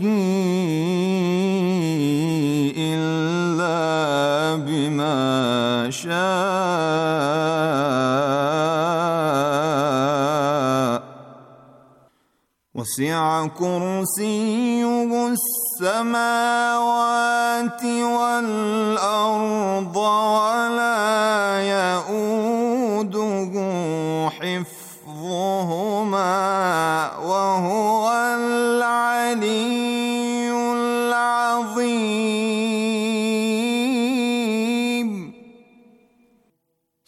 به إلا بما شاء وسع كرسيه السماوات والأرض ولا يؤوده حفظ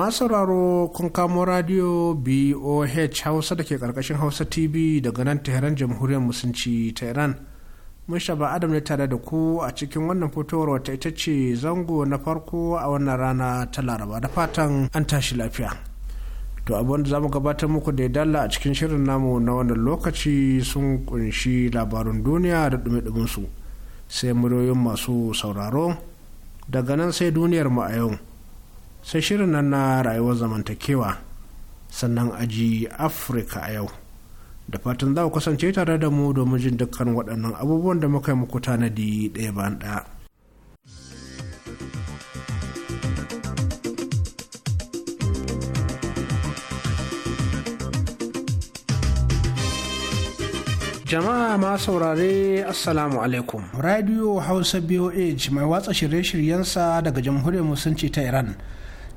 masu sauraro kun kamo radio boh hausa da ke karkashin hausa tv daga nan tehran jamhuriyar musulunci ta iran mun shaba adam ne tare da ku a cikin wannan fitowar wata ita ce zango na farko a wannan rana ta laraba da fatan an tashi lafiya to abin da za mu gabatar muku da ya dalla a cikin shirin namu na wannan lokaci sun kunshi labarun duniya da dumi su sai muryoyin masu sauraro daga nan sai duniyar mu a yau sai shirin nan na rayuwar zamantakewa sannan aji afirka a yau da fatan za ku kasance tare da mu domin jin dukkan waɗannan abubuwan da muka yi muku tanadi ɗaya bayan ɗaya. jama'a ma saurare assalamu alaikum radio hausa boh mai watsa shirye-shiryensa daga jamhuriyar musulunci ta iran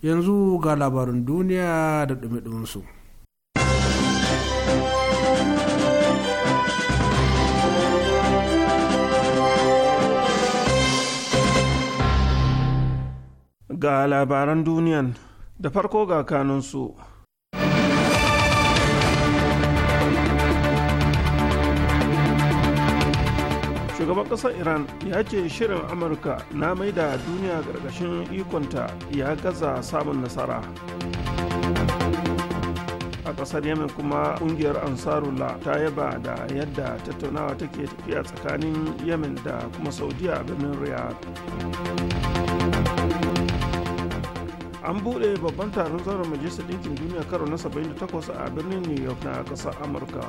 yanzu ga labarin duniya da ɗumi su. ga labaran duniyan da farko ga kanunsu shugaban ƙasar iran ya ce shirin amurka na mai da duniya gargashin ikonta ya gaza samun nasara a ƙasar yamin kuma ƙungiyar ansarula ta yaba da yadda tattaunawa take tafiya tsakanin yamin da kuma saudiya a birnin riyadh an buɗe babban taron zauren majalisar ɗinkin duniya karo na 78 a birnin new york na ƙasar amurka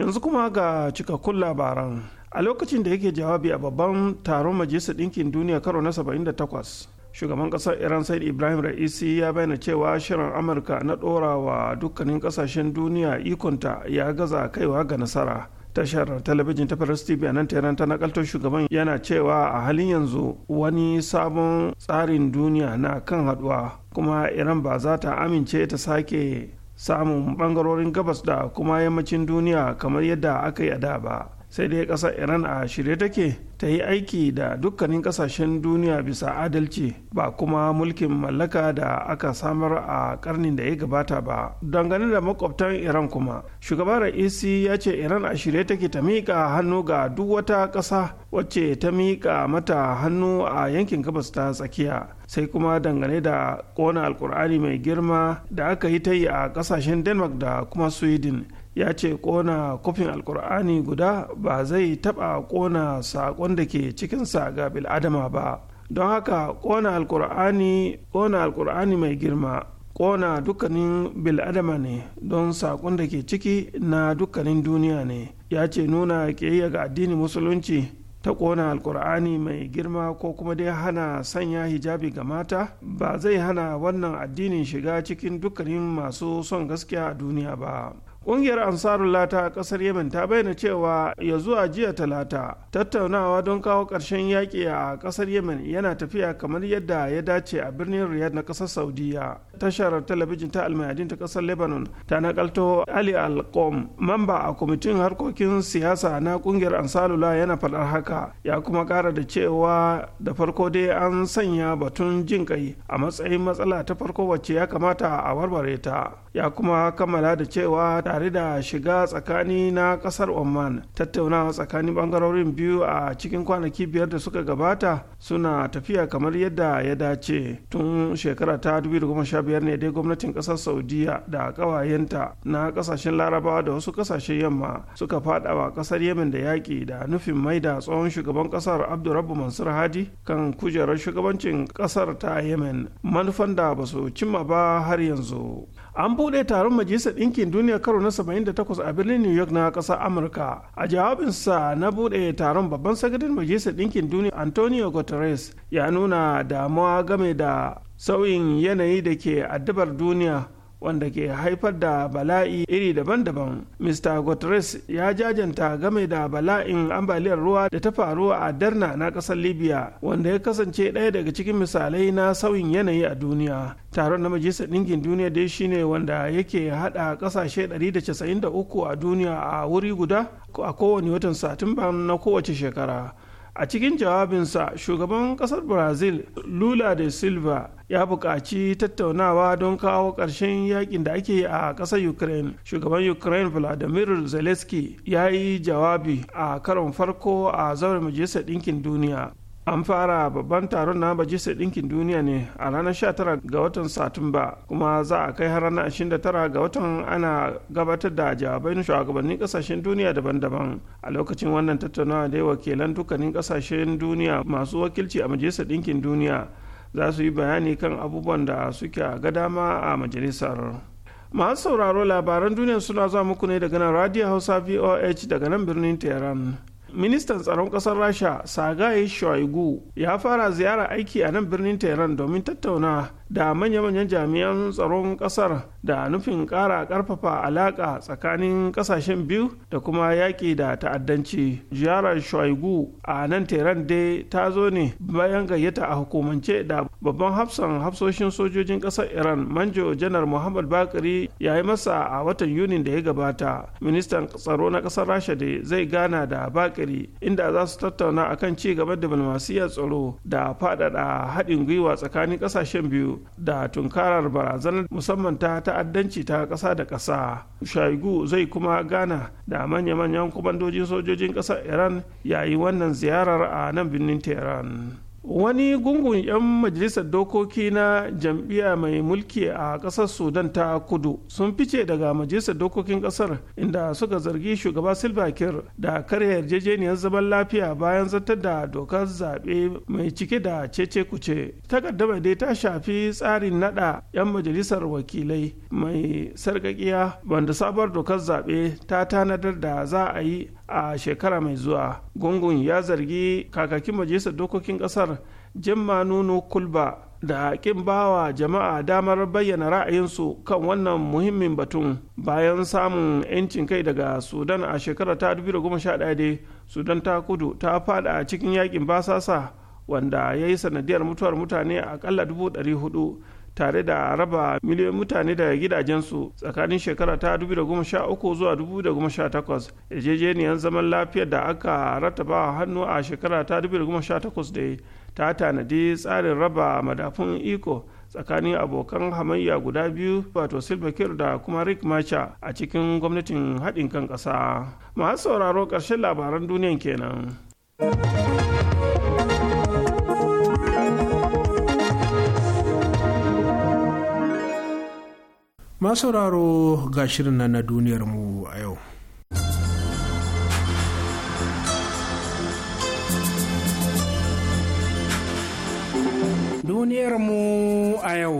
yanzu kuma ga cikakkun labaran a lokacin da yake jawabi a babban taron majalisar ɗinkin duniya karo na 78 shugaban ƙasar iran said ibrahim ra'isi ya bayyana cewa shirin amurka na ɗora wa dukkanin ƙasashen duniya ikonta ya gaza kaiwa ga nasara tashar talabijin ta Paris TV a nan Tehran ta nakaltar shugaban yana cewa a halin yanzu wani sabon tsarin duniya na kan haduwa kuma Iran ba za ta amince ta sake samun bangarorin gabas da kuma yammacin duniya kamar yadda aka yi a da ba sai dai ƙasar iran a shirye take ta yi aiki da dukkanin kasashen duniya bisa adalci ba kuma mulkin mallaka da aka samar a karnin da ya gabata ba dangane da makwabtan iran kuma shugaban ra'isi ya ce iran a shirye take ta miƙa hannu ga duk wata ƙasa wacce ta miƙa mata hannu a yankin gabas ta tsakiya sai kuma dangane da ƙona alkur'ani mai girma da aka yi ta yi a ƙasashen denmark da kuma sweden ya ce kona kofin alkur'ani guda ba zai taɓa kona saƙon da ke cikinsa ga bil'adama ba don haka kona alkur'ani kona alkur'ani mai girma kona dukkanin bil'adama ne don saƙon da ke ciki na dukkanin duniya ne ya ce nuna ƙiyayya ga addini musulunci ta kona alkur'ani mai girma ko kuma dai hana sanya hijabi ga mata ba zai hana wannan addinin shiga cikin dukkanin masu son gaskiya a duniya ba Ƙungiyar Ansarullah ta ƙasar Yemen ta bayyana cewa ya zuwa jiya talata tattaunawa don kawo ƙarshen yaƙi a ƙasar Yemen yana tafiya kamar yadda ya dace a birnin Riyadh na ƙasar Saudiya. Tashar talabijin ta almayadin ta ƙasar Lebanon ta nakalto Ali alkom mamba a kwamitin harkokin siyasa na ƙungiyar Ansarullah yana faɗar haka ya kuma ƙara da cewa da farko dai an sanya batun jin kai a matsayin matsala ta farko wacce ya kamata a warware ta ya kuma kammala da cewa tare da shiga tsakani na kasar oman tattaunawa tsakanin bangarorin biyu a cikin kwanaki biyar da suka gabata suna tafiya kamar yadda ya dace tun shekara ta 2015 ne dai gwamnatin kasar saudiya da kawayenta na kasashen larabawa da wasu kasashen yamma suka fada wa kasar yemen da yaƙi da nufin mai da tsohon shugaban kasar abdurrabu mansur hadi kan kujerar shugabancin kasar ta yemen manufan da ba su cimma ba har yanzu an buɗe taron majalisar ɗinkin duniya karo na 78 a birnin new york na ƙasar amurka a jawabinsa na buɗe taron babban sagadin majalisar ɗinkin duniya antonio guterres ya nuna damuwa game da sauyin yanayi da ke addabar duniya wanda ke haifar da bala'i iri daban-daban. Mr. Guterres ya jajanta game da bala'in ambaliyar ruwa da ta faru a Darna na ƙasar Libya wanda ya kasance ɗaya daga cikin misalai na sauyin yanayi a duniya. Taron na Majalisar Ɗinkin Duniya dai shine wanda yake haɗa ƙasashe 193 a duniya a wuri guda a kowane watan Satumba na kowace shekara. a cikin jawabinsa shugaban kasar brazil lula da silva ya buƙaci tattaunawa don kawo ƙarshen yakin da ake a ƙasar ukraine shugaban ukraine vladimir zelensky ya yi jawabi a karon farko a zauren majalisar ɗinkin duniya an fara babban taron na majalisar ɗinkin duniya ne a ranar 19 ga watan satumba kuma za a kai har ranar 29 ga watan ana gabatar da jawabai na shugabannin ƙasashen duniya daban-daban a lokacin wannan tattaunawa da wakilan dukkanin ƙasashen duniya masu wakilci a majalisar ɗinkin duniya za su yi bayani kan abubuwan da suke ga dama a majalisar. masu sauraro labaran duniya suna zuwa muku ne daga nan radio hausa voh daga nan birnin tehran ministan tsaron kasar rasha sagaye shoigu ya fara ziyara aiki a nan birnin tehran domin tattauna da manya-manyan jami'an tsaron kasar da nufin kara-karfafa alaƙa tsakanin kasashen biyu da kuma yaƙi da ta'addanci ziyarar shoigu a nan tehran dai ta zo ne bayan gayyata a hukumance da babban hafsan hafsoshin sojojin ƙasar iran manjo janar muhammad bakari ya yi masa a watan yunin da ya gabata ministan tsaro na ƙasar rasha da zai gana da bakari inda za su tattauna kan ci gaban diplomasiyyar tsaro da faɗaɗa haɗin gwiwa tsakanin ƙasashen biyu da tunkarar barazanar musamman ta ta'addanci ta ƙasa da ƙasa shaigu zai kuma gana da manya-manyan kwamandojin sojojin ƙasar iran yayi wannan ziyarar a nan birnin tehran wani gungun 'yan majalisar dokoki na jam'iyya mai mulki a ƙasar sudan ta kudu sun fice daga majalisar dokokin ƙasar inda suka zargi shugaba silva kir da karya yarjejeniyar zaman lafiya bayan zartar da dokar zaɓe mai cike da cece kuce takaddama dai ta shafi tsarin nada 'yan majalisar wakilai mai sarkakiya wanda sabuwar dokar zaɓe ta tanadar da za a yi a shekara mai zuwa gungun ya zargi kakakin majalisar dokokin kasar jimma nuno kulba da kin bawa jama'a damar bayyana ra'ayinsu kan wannan muhimmin batun bayan samun 'yancin kai daga sudan a shekara ta 2011 sudan ta kudu ta fada cikin yakin basasa wanda ya yi sanadiyar mutuwar mutane akalla 400 tare da raba miliyoyin mutane da gidajensu tsakanin shekara ta 2013 zuwa 2018 yarjejeniyar zaman lafiyar da aka a hannu a shekara ta 2018 da ta tanadi tsarin raba madafun iko tsakanin abokan hamayya guda biyu wato silva kir da kuma rick macha a cikin gwamnatin haɗin kan ƙasa masu sauraro ƙarshen labaran duniyan kenan. masauraro ga shirin nan na duniyar mu a yau duniyar mu a yau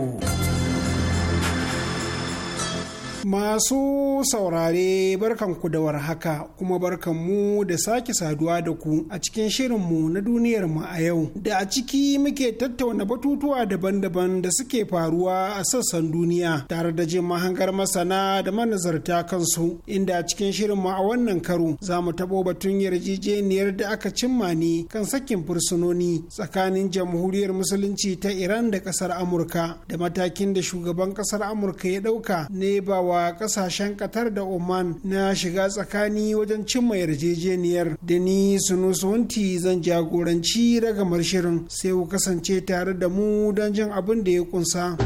Masu saurare barkan ku da haka kuma barkan mu da sake saduwa da ku a cikin shirin mu na duniyar mu a yau da a ciki muke tattauna batutuwa daban-daban da suke faruwa a sassan duniya tare da jin mahangar masana da manazarta kansu inda a cikin mu a wannan karo za mu taɓo batun yarjejeniyar da aka cimma ne kan sakin fursunoni tsakanin jamhuriyar musulunci ta Iran da ƙasar Amurka da matakin da shugaban ƙasar Amurka ya ɗauka ne ba wa kasashen Qatar da Oman na shiga tsakani wajen cimma yarjejeniyar da ni sunusunti zan jagoranci ragamar shirin sai ku kasance tare da mu don jin abin da ya kunsa.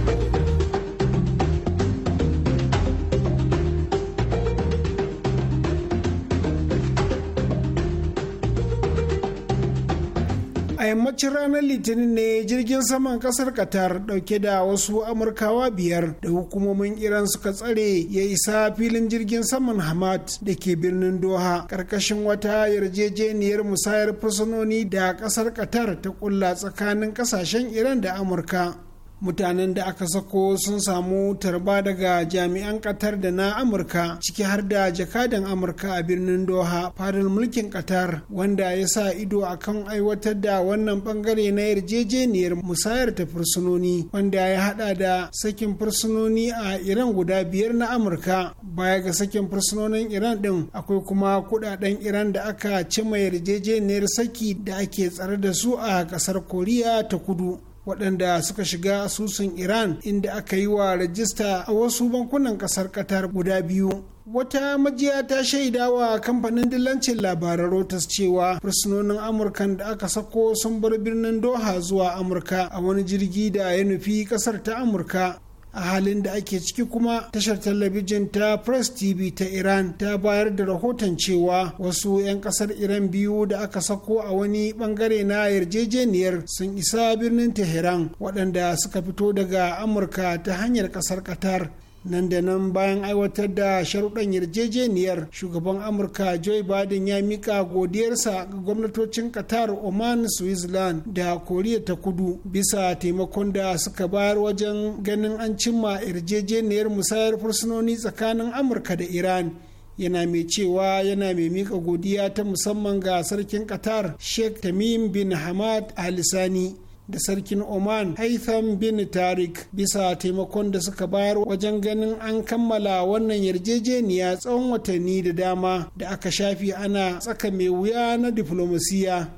a yammacin ranar litinin ne jirgin saman kasar qatar dauke da wasu amurkawa biyar da hukumomin iran suka tsare ya isa filin jirgin saman hamad da ke birnin doha karkashin wata yarjejeniyar musayar fursunoni da kasar qatar ta kulla tsakanin kasashen iran da amurka mutanen da aka sako sun samu tarba daga jami'an ƙatar da na amurka ciki har da jakadan amurka a birnin doha fadar mulkin ƙatar wanda ya sa ido a kan aiwatar da wannan bangare na yarjejeniyar musayar ta fursunoni wanda ya hada da sakin fursunoni a iran guda biyar na amurka baya ga sakin fursunonin iran din akwai kuma kudaden iran da aka cima yarjejeniyar saki da ake tsare da su a kasar koriya ta kudu waɗanda suka shiga asusun iran inda aka yi wa rajista a wasu bankunan ƙasar qatar guda biyu wata majiya ta shaida wa kamfanin dillancin labaran Reuters cewa fursunonin amurkan da aka sako sun bar birnin doha zuwa amurka a wani jirgi da ya nufi kasar ta amurka a halin da ake ciki kuma tashar talabijin ta press tv ta iran ta bayar da rahoton cewa wasu 'yan kasar iran biyu da aka sako a wani bangare na yarjejeniyar sun isa birnin tehran waɗanda suka fito daga amurka ta hanyar kasar qatar nan da nan bayan aiwatar da sharuɗan yarjejeniyar shugaban amurka joe biden ya mika godiyarsa ga gwamnatocin qatar oman switzerland da koriya ta kudu bisa taimakon da suka bayar wajen ganin an cimma yarjejeniyar musayar fursunoni tsakanin amurka da iran yana mai cewa yana mai mika godiya ta musamman ga sarkin qatar sheikh tamim bin hamad al-sani da sarkin oman haitham bin tarik bisa taimakon da suka bayar wajen ganin an kammala wannan yarjejeniya tsawon watanni da dama da aka shafi ana tsaka mai wuya na diflomasiya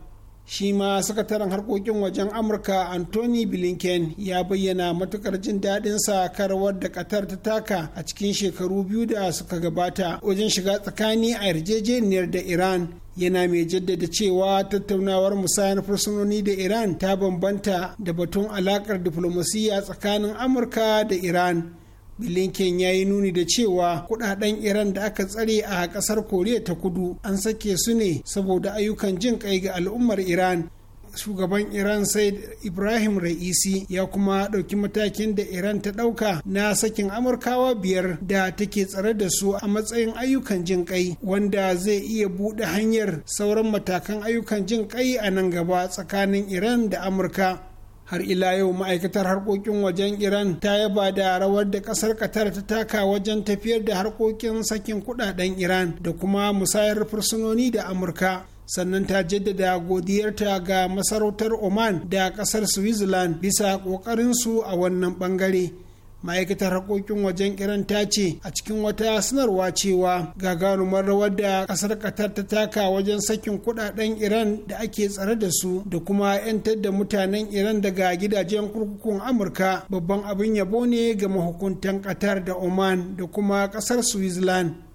shi ma sakataren harkokin wajen amurka anthony blinken ya bayyana matukar jin daɗin sa karwar da qatar ta taka a cikin shekaru biyu da suka gabata wajen shiga tsakani a yarjejeniyar da iran yana mai jaddada cewa tattaunawar musayar fursunoni da iran ta bambanta da batun alakar diflomasiyya tsakanin amurka da iran bilinken ya yi nuni da cewa kudaden Iran da aka tsare a kasar Koriya ta kudu an sake su ne saboda ayyukan jin kai ga al'ummar Iran. Shugaban Iran Said Ibrahim Ra'isi ya kuma ɗauki matakin da Iran ta ɗauka na sakin Amurkawa biyar da take tsare da su a matsayin ayyukan jin kai wanda zai iya buɗe hanyar sauran matakan ayyukan jin kai a nan gaba tsakanin Iran da Amurka. har ila yau ma'aikatar harkokin wajen iran ta yaba da rawar da kasar katar ta taka wajen tafiyar da harkokin sakin kudaden iran da kuma musayar fursunoni da amurka sannan ta jaddada godiyarta ga masarautar oman da kasar switzerland bisa kokarinsu a wannan bangare ma'aikatar harkokin wajen iran ta ce a cikin wata sanarwa cewa gagarumar rawar da kasar qatar ta taka wajen sakin kudaden iran da ake tsare da su da kuma 'yantar da mutanen iran daga gidajen kurkukun amurka babban abin yabo ne ga mahukuntan qatar da oman da kuma kasar switzerland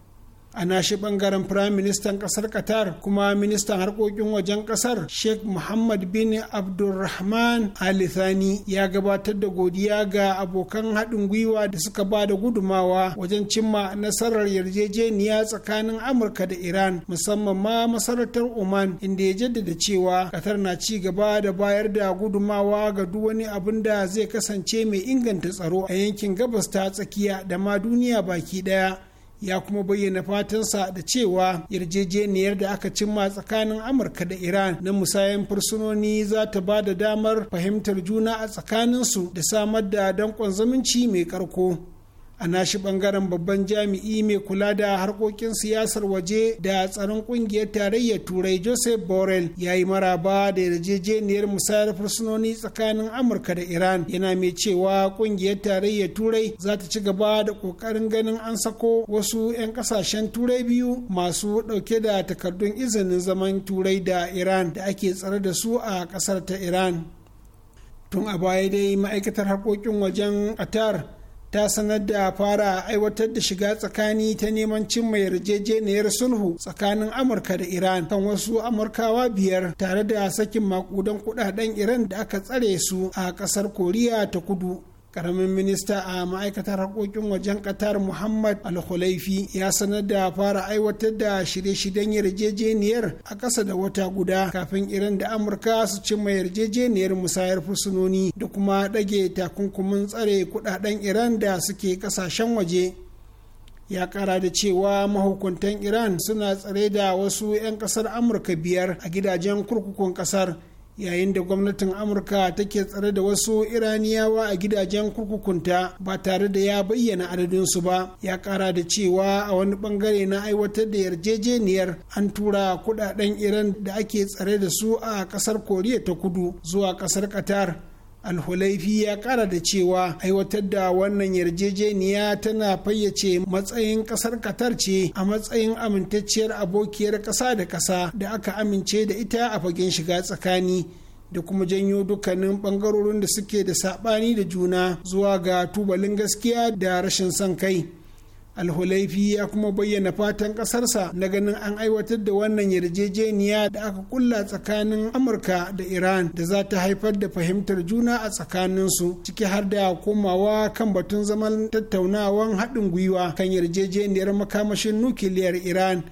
a nashi bangaren firaministan kasar qatar kuma ministan harkokin wajen kasar sheikh muhammad bin abdulrahman alithani ya gabatar da godiya ga abokan haɗin gwiwa da suka ba da gudumawa wajen cimma nasarar yarjejeniya tsakanin amurka da iran musamman ma masarautar oman inda ya jaddada cewa qatar na ci gaba da bayar da gudumawa ga duk wani abin da zai kasance mai inganta tsaro a yankin gabas ta tsakiya da ma duniya baki ɗaya ya kuma bayyana fatansa da cewa yarjejeniyar da aka cimma tsakanin amurka da iran na musayan fursunoni za ta ba da damar fahimtar juna a tsakaninsu da samar da danƙon zumunci mai ƙarko. a nashi bangaren babban jami'i mai kula da harkokin siyasar waje da tsaron kungiyar tarayyar turai joseph borrell ya yi maraba da yarjejeniyar musayar fursunoni tsakanin amurka da iran yana mai cewa kungiyar tarayyar turai za ta ci gaba da kokarin ganin an sako wasu 'yan kasashen turai biyu masu dauke da takardun izinin zaman turai da iran da ake tsare da su a kasar ta iran tun a baya dai ma'aikatar harkokin wajen qatar ta sanar da fara aiwatar da shiga tsakani ta neman cin mai yarjejeniyar sulhu tsakanin amurka da iran kan wasu amurkawa biyar tare da sakin makudan kudaden iran da aka tsare su a kasar koriya ta kudu karamin minista a ma'aikatar haƙoƙin wajen Ƙatar muhammad al-khulaifi ya sanar da fara aiwatar da shirye-shiryen yarjejeniyar a ƙasa da wata guda kafin iran da amurka su cimma yarjejeniyar musayar fursunoni da kuma ɗage takunkumin tsare kudaden iran da suke ƙasashen waje ya kara da cewa mahukuntan iran suna tsare da wasu 'yan ƙasar amurka biyar a gidajen kurkukun ƙasar. yayin da gwamnatin amurka take tsare da wasu iraniyawa a gidajen kurkukunta ba tare da ya bayyana adadinsu ba ya kara da cewa a wani bangare na aiwatar da yarjejeniyar an tura kudaden iran da ake tsare da su a kasar koriya ta kudu zuwa kasar qatar alhulaifi ya kara da cewa aiwatar da wannan yarjejeniya tana fayyace matsayin kasar katar ce a matsayin amintacciyar abokiyar kasa da kasa da aka amince da ita a fagen shiga tsakani da kuma janyo dukkanin bangarorin da suke da sabani da juna zuwa ga tubalin gaskiya da rashin son kai alhulaifi ya kuma bayyana fatan ƙasarsa na ganin an aiwatar da wannan yarjejeniya da aka kulla tsakanin amurka da iran da za ta haifar da fahimtar juna a tsakaninsu ciki har da komawa kan batun zaman tattaunawan haɗin gwiwa kan yarjejeniyar makamashin nukiliyar iran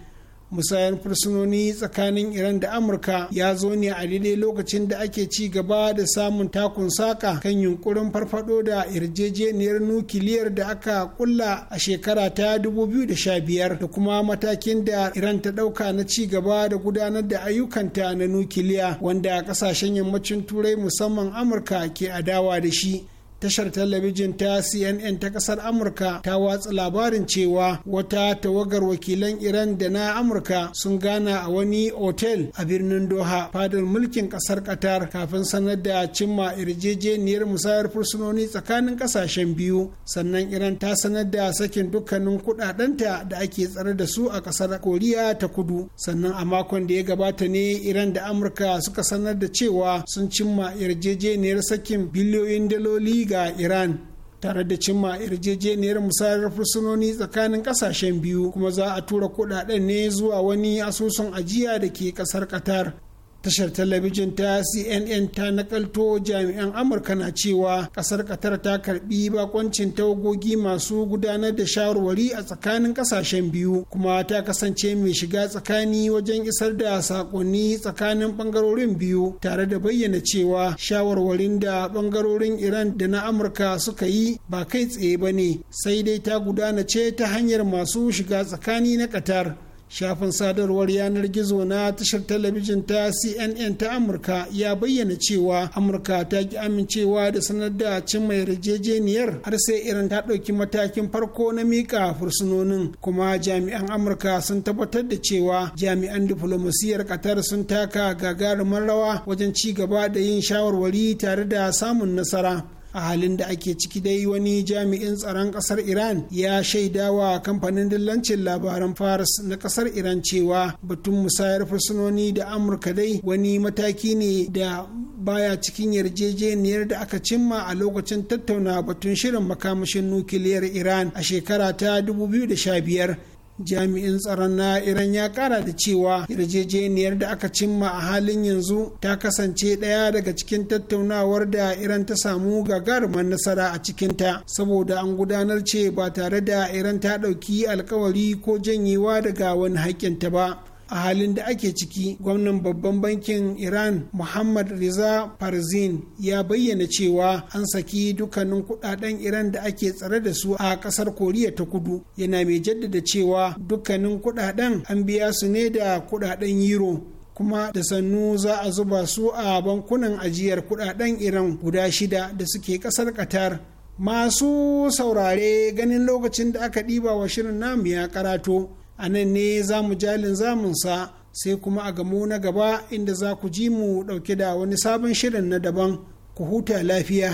musayar fursunoni tsakanin iran da amurka ya zo ne a daidai lokacin da ake ci gaba da samun takun saka kan yunkurin farfado da yarjejeniyar nukiliyar da aka kulla a shekara ta 2015 da kuma matakin da iran ta dauka na ci gaba da gudanar da ayyukanta na nukiliya wanda kasashen yammacin turai musamman amurka ke adawa da shi tashar talabijin ta cnn ta kasar amurka ta watsa labarin cewa wata tawagar wakilan iran da na amurka sun gana a wani otel a birnin doha fadar mulkin kasar qatar kafin sanar da cimma yarjejeniyar musayar fursunoni tsakanin kasashen biyu sannan iran ta sanar da sakin dukkanin kudadenta da ake tsare da su a kasar koriya ta kudu sannan a makon da ya gabata ne iran da amurka suka sanar da cewa sun cimma yarjejeniyar sakin biliyoyin daloli ga iran tare da cimma yarjejeniyar musayar fursunoni tsakanin kasashen biyu kuma za a tura kudaden ne zuwa wani asusun ajiya da ke kasar qatar tashar talabijin ta cnn ta nakalto jami'an amurka na cewa kasar qatar ta karbi bakoncin tawagogi masu gudanar da shawarwari a tsakanin kasashen biyu kuma ta kasance mai shiga tsakani wajen isar da saƙonni tsakanin bangarorin biyu tare da bayyana cewa shawarwarin da bangarorin iran da na amurka suka yi ba kai tsaye ba ne sai dai ta gudana ce ta hanyar masu shiga tsakani na qatar shafin sadarwar yanar gizo na tashar talabijin ta cnn ta amurka ya bayyana cewa amurka ta ki amincewa da sanar da cin mai yarjejeniyar har sai irin ta ɗauki matakin farko na miƙa fursunonin kuma jami'an amurka sun tabbatar da cewa jami'an diflomasiyyar qatar sun taka gagarumar rawa wajen ci gaba da yin shawarwari tare da samun nasara a halin da ake ciki dai wani jami'in tsaron kasar iran ya shaida wa kamfanin dillancin labaran faris na kasar iran cewa batun musayar fursunoni da amurka dai wani mataki ne da baya cikin yarjejeniyar da aka cimma a lokacin tattauna batun shirin makamashin nukiliyar iran a shekara ta 2015 jami'in tsaron na iran ya kara da cewa yarjejeniyar da aka cimma a halin yanzu ta kasance ɗaya daga cikin tattaunawar da iran ta samu gagarumar nasara a cikinta saboda an gudanar ce ba tare da iran ta ɗauki alkawari ko janyewa daga wani haƙƙinta ba a halin da ake ciki gwamnan babban bankin iran muhammad riza farzin ya bayyana cewa an saki dukkanin kudaden iran da ake tsare da su a kasar koriya ta kudu yana mai jaddada cewa dukkanin kudaden an biya su ne da kudaden euro kuma da sannu za a zuba su a bankunan ajiyar kudaden iran guda shida da suke kasar qatar masu saurare ganin lokacin da aka ɗiba wa shirin namu ya karato a nan ne za mu jalin zamunsa sai kuma a gamo na gaba inda za ku ji mu ɗauke da wani sabon shirin na daban ku huta lafiya.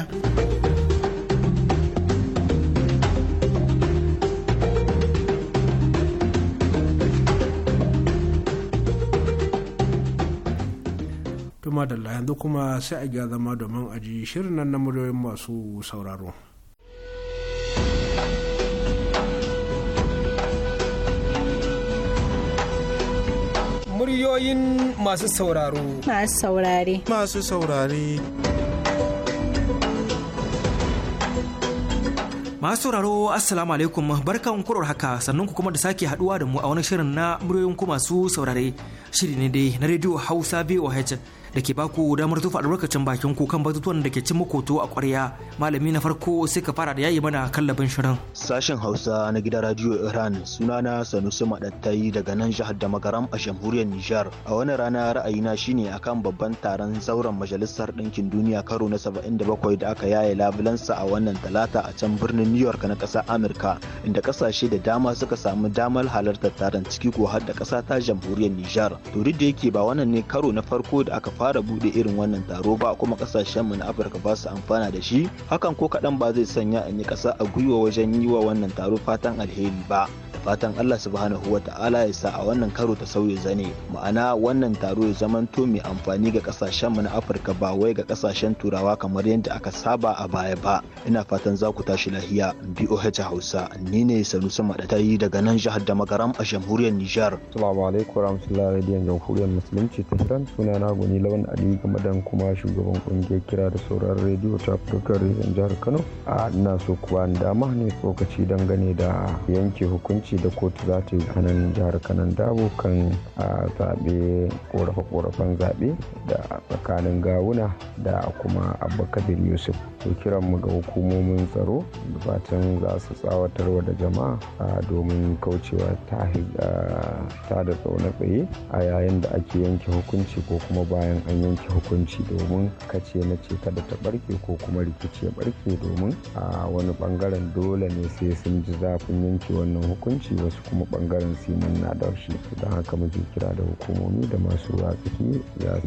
Tuma da yanzu kuma sai a gyara zama domin a ji shirin nan na muryoyin masu sauraro. muryoyin masu sauraro masu saurare masu saurare masu sauraro assalamu alaikum barkan kurar haka sannan ku kuma da sake haduwa da mu a wani shirin na muryoyin ku masu saurare shiri ne dai na rediyo hausa voh da ke baku damar tufa albarkacin bakin ku kan batutuwan da ke cin muku to a ƙwarya malami na farko sai ka fara da yayi mana kallabin shirin sashen hausa na gidan radio iran sunana sanusi madattai daga nan jihar da magaram a jamhuriyar nijar a wani rana ra'ayina shine akan babban taron zauren majalisar ɗinkin duniya karo na 77 da aka yaye labulansa a wannan talata a can birnin new york na ƙasar amurka inda ƙasashe da dama suka samu damar halartar taron ciki ko har da ƙasa ta jamhuriyar nijar to duk da yake ba wannan ne karo na farko da aka fara fara bude irin wannan taro ba kuma kasashenmu na afirka ba su amfana da shi hakan ko kaɗan ba zai sanya in yi ƙasa a gwiwa wajen yi wa wannan taro fatan alheri ba da fatan allah subhanahu wa ta'ala ya sa a wannan karo ta sauya zane ma'ana wannan taro ya zamanto mai amfani ga kasashenmu na afirka ba wai ga kasashen turawa kamar yadda aka saba a baya ba ina fatan za ku tashi lahiya boh hausa ni ne da tayi daga nan jihar da magaram a jamhuriyar nijar. Assalamu alaikum warahmatullahi radiyon jamhuriyar musulunci ta Iran sunana na lawan ali gamadan kuma shugaban kungiyar kira da sauran rediyo ta afirka reshen jihar kano a ina so kuwa dama ne tsokaci dangane da yanke hukunci da kotu za ta yi a nan jihar kanan dabo kan zaɓe korafe korafan zaɓe da tsakanin gawuna da kuma abubakar yusuf to mu ga hukumomin tsaro da fatan za su tsawatarwa da jama'a domin kaucewa ta da tsaune tsaye a yayin da ake yanke hukunci ko kuma bayan bayan an yanke hukunci domin kace na ce kada ta barke ko kuma rikici ya barke domin a wani bangaren dole ne sai sun ji zafin yanke wannan hukunci wasu kuma bangaren simon na da shi don haka muke kira da hukumomi da masu ruwa za su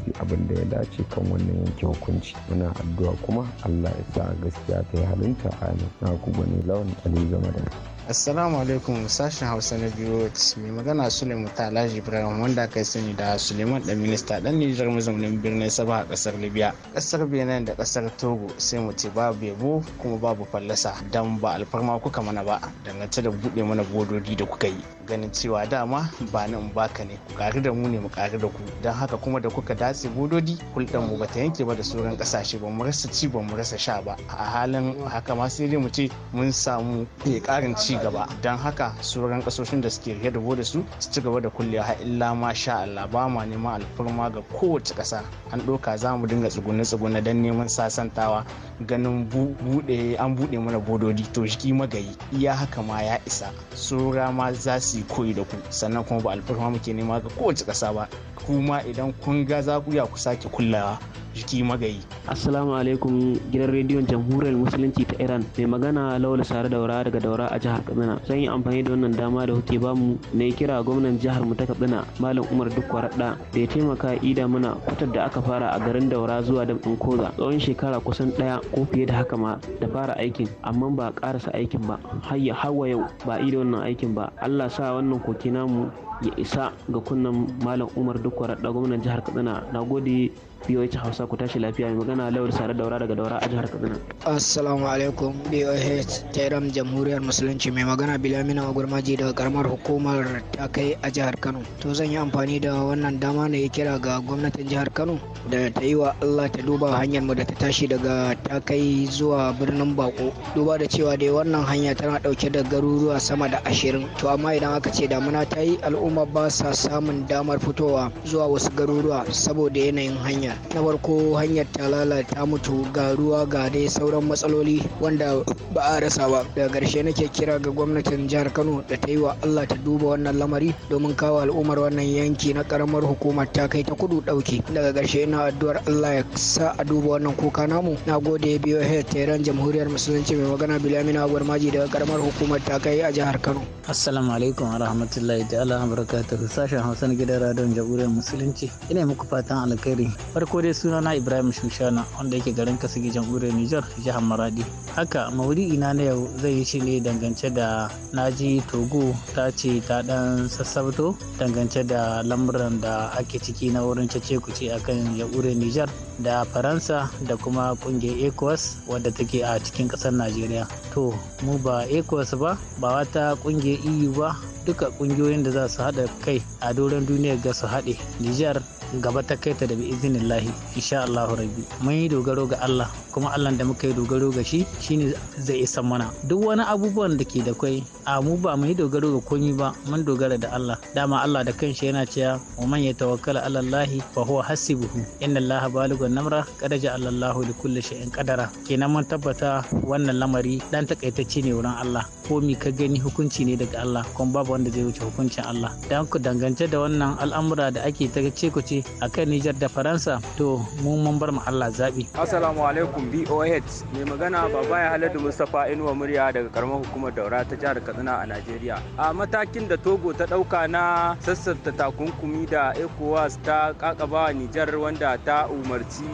yi abin da ya dace kan wannan yanke hukunci muna addu'a kuma allah ya sa gaskiya ta yi halinta yanzu na ku gwani lawan ali game da assalamu alaikum sashen hausa na biyu mai magana suleiman talaji ibrahim wanda aka sani da suleiman dan minista dan nijar mazaunin birnin saba a kasar libya kasar benin da kasar togo sai mu ce babu yabo kuma babu fallasa dan ba alfarma kuka mana ba dangance da buɗe mana bododi da kuka yi ganin cewa dama ba nan baka ne ku kari da mu ne mu kari da ku dan haka kuma da kuka datse bododi hulɗar mu bata yanke ba da sauran kasashe ba mu rasa ci ba mu rasa sha ba a halin haka ma sai dai mu ce mun samu ƙarin ci gaba don haka sauran kasoshin da suke rike da su su ci gaba da kulle har illa ma sha Allah ba ma neman alfurma ga kowace kasa an ɗauka za mu dinga tsugune tsugune don neman sasantawa ganin buɗe an bude mana bododi to shi magayi iya haka ma ya isa saura ma za su yi koyi da ku sannan kuma ba alfurma muke nema ga kowace kasa ba kuma idan kun ga za ku ya ku sake kullawa jiki magayi. Assalamu alaikum gidan rediyon jamhuriyar musulunci ta Iran mai magana Lawal Sare Daura daga Daura a jihar Katsina. Zan yi amfani da wannan dama da kuke bamu na kira gwamnan jihar mu ta Katsina Malam Umar Dukwa Radda da ya taimaka ida mana kwatar da aka fara a garin Daura zuwa Dabin Koza tsawon shekara kusan ɗaya ko fiye da haka ma da fara aikin amma ba a ƙarasa aikin ba Hayya hawa yau ba ida wannan aikin ba Allah sa wannan koke namu ya isa ga kunnan Malam Umar Dukwa Radda gwamnan jihar Katsina. Na gode BOH Hausa ku tashi lafiya mai magana Lawal Sare Daura daga Daura a jihar Kaduna. Assalamu alaikum BOH Tehran Jamhuriyar Musulunci mai magana Bilamina Gurmaji daga karamar hukumar ta kai a jihar Kano. To zan yi amfani da wannan dama na yi kira ga gwamnatin jihar Kano da ta yi wa Allah ta duba hanyar mu da ta tashi daga ta kai zuwa birnin Bako. Duba da cewa dai wannan hanya tana ɗauke da garuruwa sama da ashirin. To amma idan aka ce damuna ta yi al'umma ba sa samun damar fitowa zuwa wasu garuruwa saboda yanayin hanya. hanya na farko hanyar ta lalata ta mutu ga ruwa ga dai sauran matsaloli wanda ba a rasa ba daga ƙarshe nake kira ga gwamnatin jihar kano da ta yi wa allah ta duba wannan lamari domin kawo al'ummar wannan yanki na karamar hukumar ta kai ta kudu ɗauki daga ƙarshe ina addu'ar allah ya sa a duba wannan kuka namu na gode biyo head tehran jamhuriyar musulunci mai magana bilamina abuwar maji daga karamar hukumar ta kai a jihar kano assalamu alaikum wa rahmatullahi ta'ala barakatuhu sashen hausa na gidan radon jamhuriyar musulunci ina muku fatan alkhairi farko dai sunana ibrahim shushana wanda yake garin kasige jamhuriyar nijar jihar maradi haka maudu'i na na yau zai yi shi ne dangance da naji togo ta ce ta dan sassabto dangance da lamuran da ake ciki na wurin cece kuce akan jamhuriyar nijar da faransa da kuma kungiyar ecowas wadda take a cikin kasar najeriya to mu ba ecowas ba ba wata kungiyar eu ba duka kungiyoyin da za su haɗa kai a doron duniyar ga su haɗe nijar gaba ta kaita da bi iznillahi insha Allahu rabbi mun yi dogaro ga Allah kuma Allah da muka yi dogaro ga shi shine zai isa mana duk wani abubuwan da ke da kwai a mu ba mu yi dogaro ga komai ba mun dogara da Allah dama Allah da kanshi yana cewa mu man ya tawakkala ala Allah fa huwa hasibuhu inna Allah balighun namra kada ja Allah li kulli shay'in qadara kenan mun tabbata wannan lamari dan takaitacce ne wurin Allah komi ka gani hukunci ne daga Allah kuma babu wanda zai wuce hukuncin Allah dan ku dangance da wannan al'amura da ake ta ce ku ce a akan Nijar da Faransa to mun mun bar mu Allah zabi. Assalamu alaikum BOH mai magana baba ya Haladu Mustapha Inuwa murya daga karamar hukumar Daura ta jihar Katsina a Najeriya. A matakin da Togo ta ɗauka na sassauta takunkumi da ECOWAS ta kakaba Nijar wanda ta umarci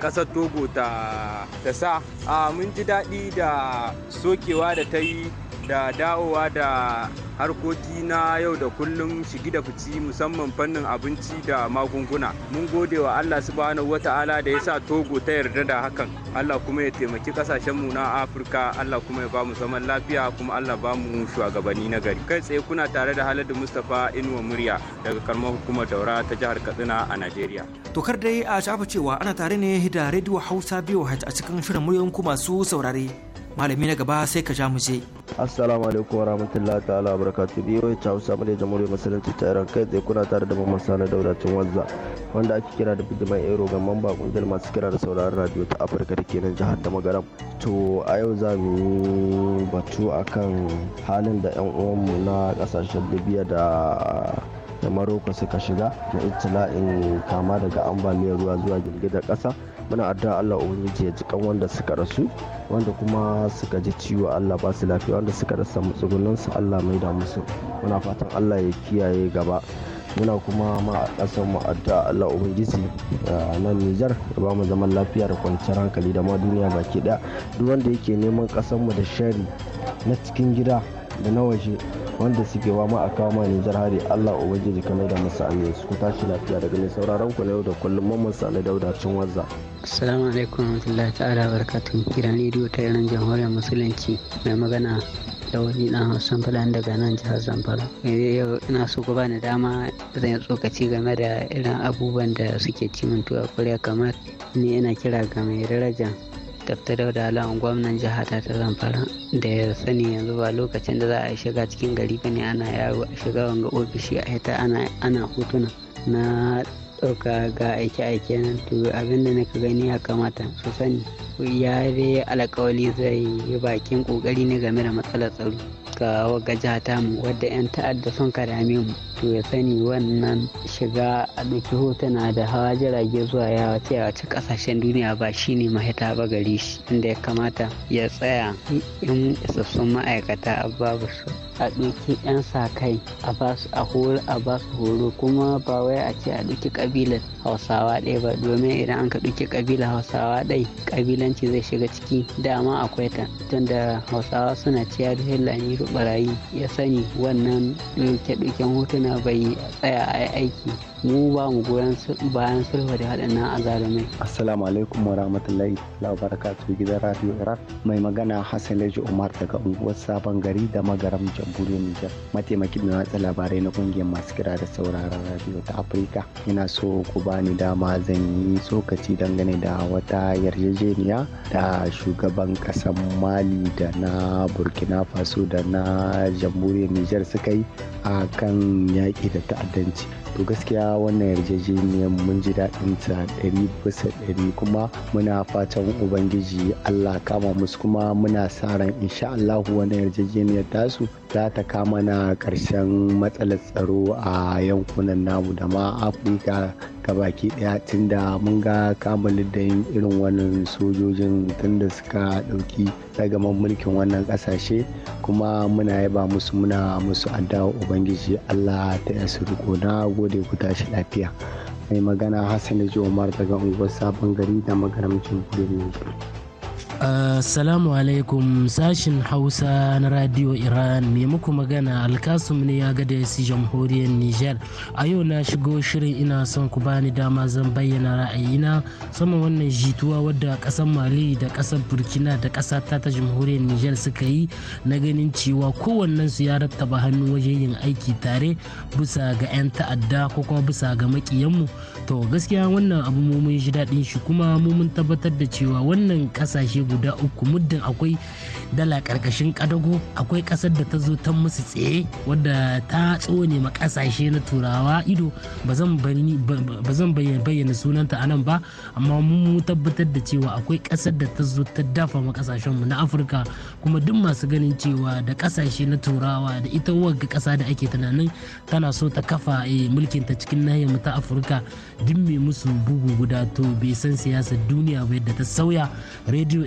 kasar Togo ta sa a mun ji daɗi da sokewa da ta yi da dawowa da harkoki na yau da kullum shigi da fici musamman fannin abinci da magu magunguna mun gode wa Allah subhanahu wata'ala da ya sa Togo ta yarda da hakan Allah kuma ya taimaki kasashen mu na Afirka Allah kuma ya bamu zaman lafiya kuma Allah bamu shugabanni na gari kai tsaye kuna tare da Haladu Mustapha Inuwa Murya daga karamar hukumar Daura ta jihar Katsina a Najeriya to kar dai a shafa cewa ana tare ne da Radio Hausa biyu a cikin shirin muryoyin ku masu saurare malami na gaba sai ka ja mu je assalamu alaikum warahmatullahi ta'ala barakatuh biyo ya hausa mu da jamhuriyar musulunci ta iran kai tsaye kuna tare da mamman da daudacin wazza wanda ake kira da bidiman ero ga mamba kungiyar masu kira da sauraron radio ta afirka da ke nan jihar da magaram to a yau za mu yi batu akan halin da yan uwanmu na kasashen libya da da maroko suka shiga na itila'in kama daga ambaliyar ruwa zuwa girgizar ƙasa muna addu'a Allah ubangiji ya ji kan wanda suka rasu wanda kuma suka ji ciwo Allah ba su lafiya wanda suka rasa matsugunan su Allah mai da musu muna fatan Allah ya kiyaye gaba muna kuma ma a ƙasar mu addu'a Allah ubangiji na Nijar ya ba mu zaman lafiya da kwanciyar hankali da ma duniya baki daya duk wanda yake neman ƙasar mu da shari na cikin gida da na waje wanda suke wa ma a kawo ma Nijar hari Allah ubangiji kamar da masu amin su ku tashi lafiya daga mai sauraron ku na yau da kullum mamman Sale Dauda cin wazza. Assalamu alaikum warahmatullahi ta'ala barakatun kiran rediyo ta irin jamhuriyar musulunci mai magana da wani dan Hassan Fulani daga nan jihar Zamfara. Eh, yau ina so ku bani dama zan yi tsokaci game da irin abubuwan da suke cimin tuwa kwarya kamar ni ina kira ga mai daraja tattare da alawan gwamnan jiha ta ta zamfara da ya sani yanzu ba lokacin da za a shiga cikin gari ba ne ana yaro a shiga wanga ofishi a ana hotuna na ɗauka ga aike-aike nan to abinda da naka gani ya kamata su sani ya dai zai yi bakin ƙoƙari ne game da matsalar tsaro ga wagaja mu. wadda 'yan ta'adda sun ka dame mu to ya sani wannan shiga a ɗauki hotuna da hawa jirage zuwa yawa ce a ci ƙasashen duniya ba shi ne mahita ba gari shi inda ya kamata ya tsaya in isassun ma'aikata a babu su a ɗauki 'yan sa kai a ba a horo a ba su horo kuma ba wai a ce a ɗauki kabilar hausawa ɗaya ba domin idan an ka ɗauki kabilar hausawa ɗai kabilanci zai shiga ciki dama akwai ta tunda hausawa suna ciya da hillani barayi ya sani wannan ɗauke-ɗauken hotuna bai tsaya a aiki mu ba mu goyon bayan sulhu da waɗannan azalumai assalamu alaikum wa rahmatullahi wa barakatuhu gidan radio iraq mai magana hassan leji umar daga unguwar sabon gari da magaram jamhuriyar nijar mataimakin mai watsa labarai na kungiyar masu kira da sauraron radio ta afirka ina so ku bani dama zan yi tsokaci dangane da wata yarjejeniya da shugaban ƙasar mali da na burkina faso da na jamhuriyar nijar suka yi a kan yaƙi da ta'addanci to gaskiya wannan yarjejeniyar mun ji daɗin ta ɗari bisa ɗari kuma muna fatan ubangiji allah kama musu kuma muna sa ran insha allahu wannan yarjejeniyar tasu za ta kama na ƙarshen matsalar tsaro a yankunan namu da ma afirka baki daya tunda mun ga kamalin da irin wannan sojojin tunda suka ɗauki tsagaman mulkin wannan ƙasashe kuma muna yaba musu muna musu addawa ubangiji allah ta ya riko na gode ku tashi lafiya mai magana hassan da umar daga unguwar sabon gari da magaramcin kudin nigeria Assalamu eh, alaikum sashin Hausa na Radio Iran mai muku magana alkasum ne ya gada si jamhuriyar Nijar. A yau na shigo shirin ina son ku bani dama zan bayyana ra'ayina sama wannan jituwa wadda kasar Mali da kasar Burkina da ƙasa ta ta jamhuriyar Nijar suka yi na ganin cewa kowannen su ya rattaba hannu wajen yin aiki tare bisa ga 'yan ta'adda ko kuma bisa ga makiyanmu. To gaskiya wannan abu mu mun ji daɗin shi kuma mu mun tabbatar da cewa wannan kasashe guda uku muddin akwai dala karkashin kadago akwai kasar da ta zo ta musu tsaye wadda ta tsone ma kasashe na turawa ido ba zan bayyana sunanta a nan ba amma mun tabbatar da cewa akwai kasar da ta zo ta dafa ma na afirka kuma duk masu ganin cewa da kasashe na turawa da ita wagga kasa da ake tunanin tana so ta kafa eh, mulkin ta cikin nahiyar mu ta afirka duk mai musu bugu guda to bai san siyasar duniya ba yadda ta sauya radio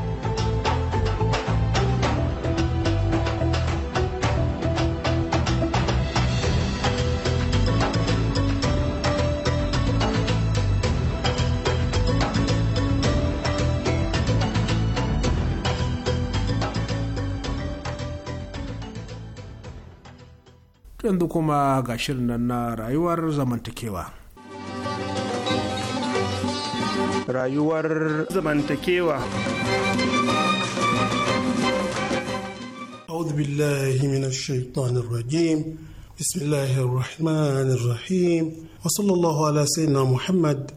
yanzu kuma ga shirin nan na rayuwar zamantakewa. Rayuwar zamantakewa. أعوذ بالله من الشيطان الرجيم بسم الله الرحمن الرحيم وصلى الله على سيدنا محمد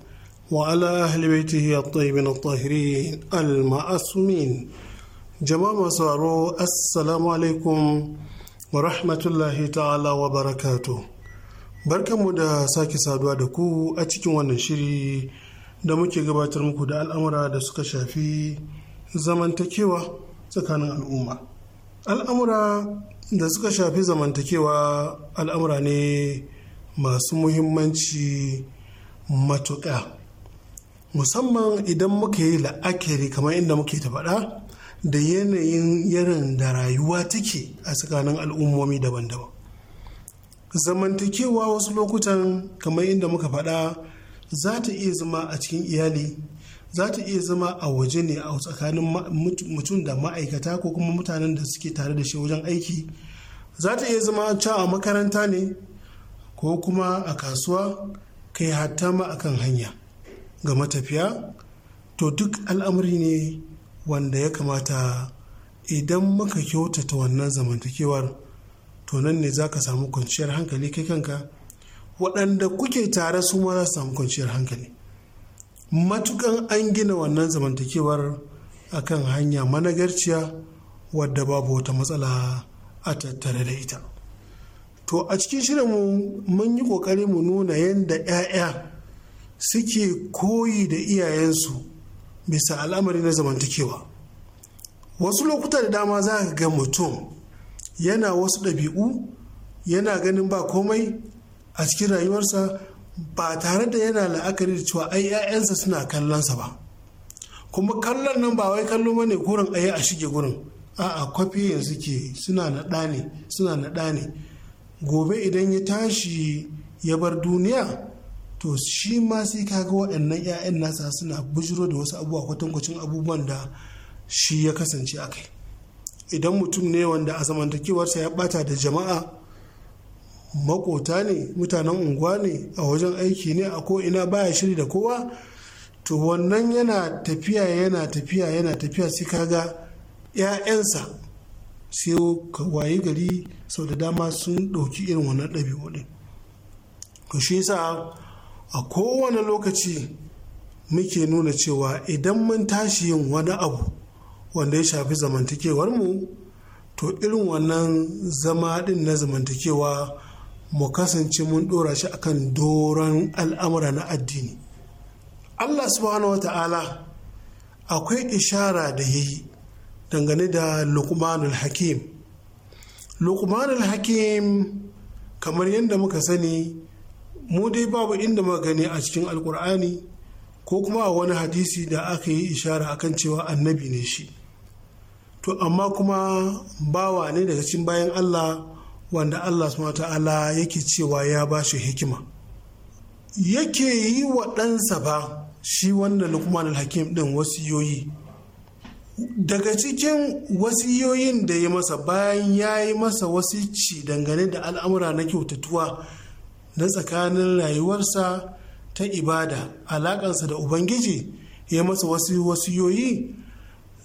وعلى أهل بيته الطيبين الطاهرين المعصومين jama'a masu sauraro assalamu alaikum wa rahmatullahi ta'ala wa barakatu barkanmu da sake saduwa da ku a cikin wannan shiri da muke gabatar muku da al'amura da suka shafi zamantakewa tsakanin al'umma al'amura da suka shafi zamantakewa al'amura ne masu muhimmanci matuƙa musamman idan muka yi la'akari kamar inda muke ta faɗa da yanayin yaran da rayuwa take a tsakanin al'ummomi daban-daban zamantakewa wasu lokutan kamar inda muka faɗa za ta iya zama a cikin iyali za ta iya zama a waje ne a tsakanin mutum da ma'aikata ko kuma mutanen da suke tare da shi wajen aiki za ta iya zama ca a makaranta ne ko kuma a kasuwa kai hatta ma akan hanya ga matafiya to duk al'amari ne wanda ya kamata idan muka kyautata wannan zamantakewar to nan ne za ka samu kwanciyar hankali kai kanka waɗanda kuke tare su ma za su samu kwanciyar hankali matukan an gina wannan zamantakewar a kan hanya managarciya wadda babu wata matsala a tattare da ita to a cikin shirin mu mun yi ƙoƙari mu nuna yadda 'ya'ya suke koyi da iyayensu bisa al'amari na zamantakewa wasu lokuta da dama za ka ga mutum yana wasu ɗabi'u yana ganin ba komai a cikin rayuwarsa ba tare da yana la'akari da cewa ai 'ya'yansa suna kallonsa ba kuma kallon nan ba wai kallo bane gurin ayi a shige gurin a'a kwafi yanzu ke suna na ne suna na ne gobe idan ya tashi ya bar duniya to shi ma sai kaga waɗannan 'ya'yan nasa suna bujiro da wasu abubuwa kwatankwacin abubuwan da shi ya kasance a kai idan mutum ne wanda a zamantakewarsa ya bata da jama'a makota ne mutanen unguwa ne a wajen aiki ne a ko ina baya shiri da kowa to wannan yana tafiya yana tafiya yana tafiya sai ka ga 'ya'yansa sai ka wayi gari sau da dama sun ɗauki irin wannan ɗabi'u ɗin to shi yasa a kowane lokaci muke nuna cewa idan mun tashi yin wani abu wanda ya shafi zamantakewarmu to irin wannan zama din na zamantakewa mu kasance mun dora shi akan doron al'amura na addini allah subhanahu wa ta'ala akwai ishara da ya yi dangane da lukmanul hakim lukmanul hakim kamar yadda muka sani mu dai babu inda magani a cikin alkur'ani ko kuma a wani hadisi da aka yi ishara akan cewa annabi ne shi to amma kuma bawa ne daga cikin bayan allah wanda allah su ta'ala yake cewa ya ba shi hikima yake yi wa ɗansa ba shi wannan lukman al-hakim ɗin wasiyoyi daga cikin wasiyoyin da ya masa bayan ya yi masa wasici dangane da al'amura na kyautatuwa na tsakanin rayuwarsa ta ibada alakansa da ubangiji ya masa wasu wasiyoyi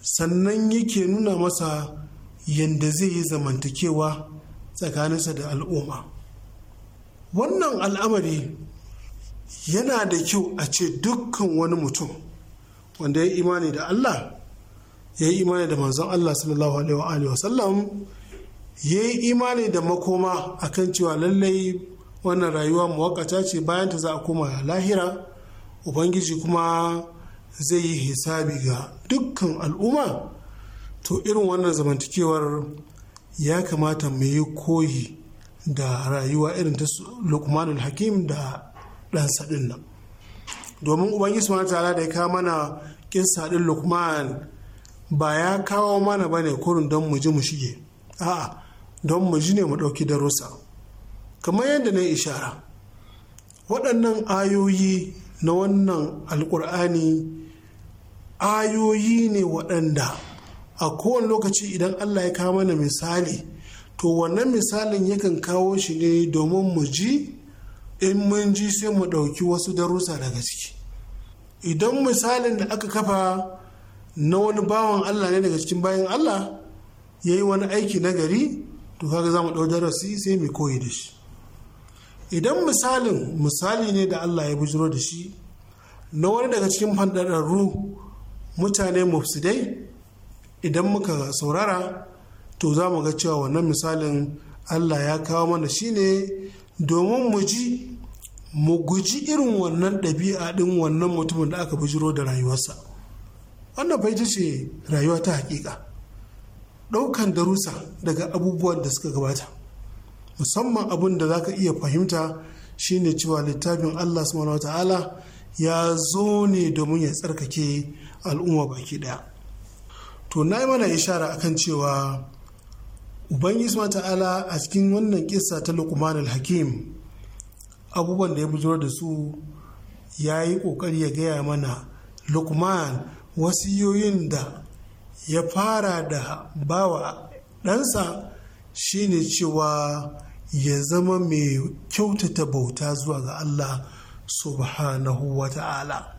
sannan yake nuna masa yadda zai yi zamantakewa tsakaninsa da al'umma wannan al'amari yana da kyau a ce dukkan wani mutum wanda ya imani da allah ya yi imani da manzon allah sallallahu alaihi wasallam ya yi imani da makoma akan cewa lallai wannan rayuwa muwakata ce bayan ta za a koma lahira ubangiji kuma zai yi hisabi ga dukkan al'umma to irin wannan zamantakewar ya kamata mu yi koyi da rayuwa irin ta lukmanul hakim da ɗansa ɗin nan domin ubangiji su ta'ala da ya kawo mana kissa ɗin lukman ba ya kawo mana bane kurin don mu ji mu shige a'a don mu ji ne mu ɗauki darussa kamar yadda na ishara waɗannan ayoyi na wannan Alƙur'ani ayoyi ne waɗanda a kowane lokaci idan allah ya kawo mana misali to wannan misalin yakan kawo shi ne domin mu ji in mun ji sai mu ɗauki wasu darussa daga ciki idan misalin da aka kafa na wani bawan allah ne daga cikin bayan allah ya yi wani aiki nagari, gari to kaga za mu ɗau darasi sai mu koyi da shi idan misalin misali ne da Allah ya bujiro da shi na wani daga cikin fandararru mutane mufsidai idan muka saurara to za mu ga cewa wannan misalin Allah ya kawo mana shi ne domin mu ji mu guji irin wannan ɗabi'a ɗin wannan mutumin da aka bujiro da rayuwarsa wannan faita ce rayuwa ta haƙiƙa. ɗaukan darusa daga abubuwan da suka gabata musamman abin da za ka iya fahimta shine cewa littafin Allah subhanahu ta'ala ya zo ne domin ya tsarkake al'umma baki daya to na yi mana ishara akan cewa ubangiji subhanahu ta'ala a cikin wannan kissa ta luqman hakim abubuwan da ya bujiro da su ya yi kokari ya gaya mana luqman wasiyoyin da ya fara da bawa ɗansa shine cewa ya zama mai kyautata bauta zuwa ga Allah subhanahu wa ta'ala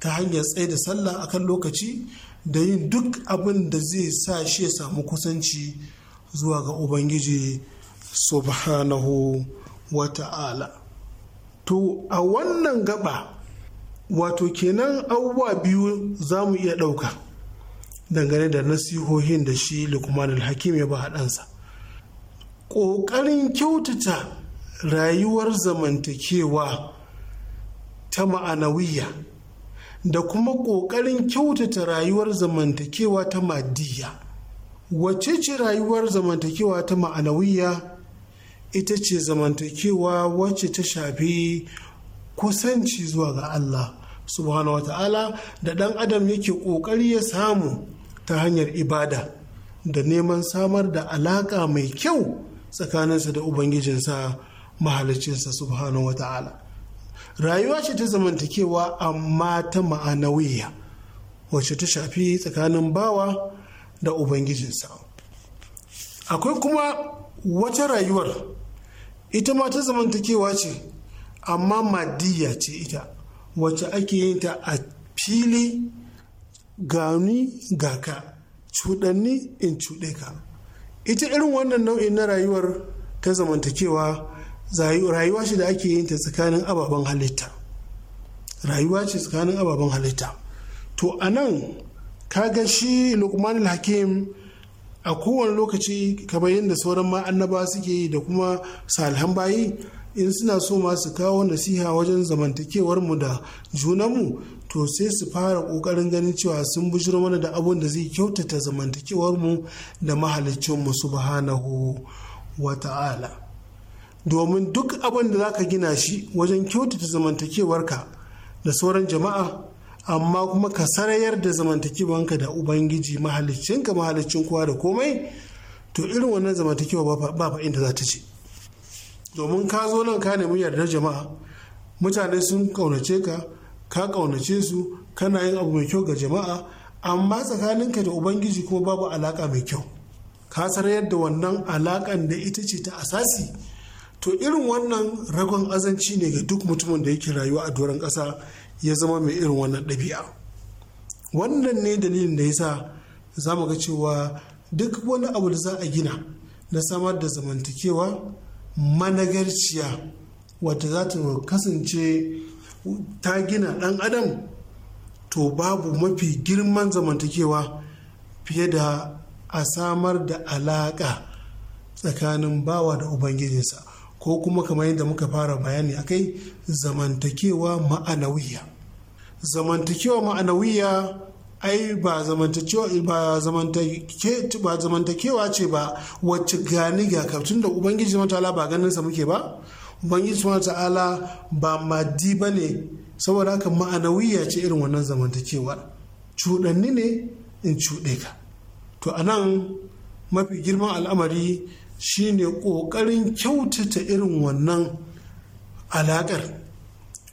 ta hanyar tsaye da sallah akan lokaci da yin duk abin da zai sa shi ya samu kusanci zuwa ga ubangiji subhanahu wa ta'ala to a wannan gaba wato kenan abubuwa biyu za mu iya ɗauka dangane da nasihohin da shi lukman hakim ya ba haɗansa ƙoƙarin kyautata rayuwar zamantakewa ta ma'anawiya da kuma ƙoƙarin kyautata rayuwar zamantakewa ta maddiya wace ce rayuwar zamantakewa ta ma'anawiya ita ce zamantakewa wacce ta shafi kusanci zuwa ga allah subhanahu wata'ala da ɗan adam yake ƙoƙari ya samu ta hanyar ibada da neman samar da alaƙa mai kyau tsakaninsa da ubangijinsa mahalicinsa subhanahu wa ta'ala rayuwa ce ta zamantakewa amma ta ma'anawiya wacce ta shafi tsakanin bawa da ubangijinsa akwai kuma wata rayuwar ita ma ta zamantakewa ce amma madiyya ce ita wacce ake yin ta a fili gani gaka, ka cuɗanni in cuɗe ka ita irin wannan nau'in na rayuwar ta zamantakewa rayuwa ce da ake yin ta tsakanin ababen halitta rayuwa ce tsakanin ababen halitta to a nan ga shi lukman hakim a kowane lokaci kamar yadda sauran ma suke yi da kuma salihan bayi in suna so masu kawo nasiha wajen zamantakewar mu da junanmu to sai su fara kokarin ganin cewa sun bujiro mana da abun da zai kyautata zamantakewar mu da mahalicinmu subhanahu wa ta'ala domin duk abin da zaka gina shi wajen kyautata zamantakewarka da sauran jama'a amma kuma ka sarayar da zamantakewanka da ubangiji mahalicinka mahalicin kowa da komai to irin wannan zamantakewa ba fa inda za ta ce domin ka zo nan ka nemi yardar jama'a mutane sun kaunace ka ka ƙaunace su kana yin abu mai kyau ga jama'a amma tsakaninka da ubangiji kuma babu alaka mai kyau ka san yadda wannan alaƙan da ita ce ta asasi to irin wannan ragon azanci ne ga duk mutumin da yake rayuwa a doron ƙasa ya zama mai irin wannan ɗabi'a wannan ne dalilin da ya sa za mu ga cewa duk wani abu da za a gina na samar da zamantakewa managarciya wadda za ta kasance ta gina ɗan adam to babu mafi girman zamantakewa fiye da a samar da alaƙa tsakanin bawa da ubangijinsa ko kuma kamar yadda muka fara bayani akai zamantakewa ma'anawiya zamantakewa ma'anawiya ai ba zamantakewa ce ba wacce gani ga kaftun da ubangiji mata ba ganin sa muke ba ubangiji subhanahu ta'ala ba maddi ba ne saboda haka ma'anawiya ce irin wannan zamantakewar cuɗanni ne in cuɗe ka to a nan mafi girman al'amari shine ƙoƙarin kyautata irin wannan alaƙar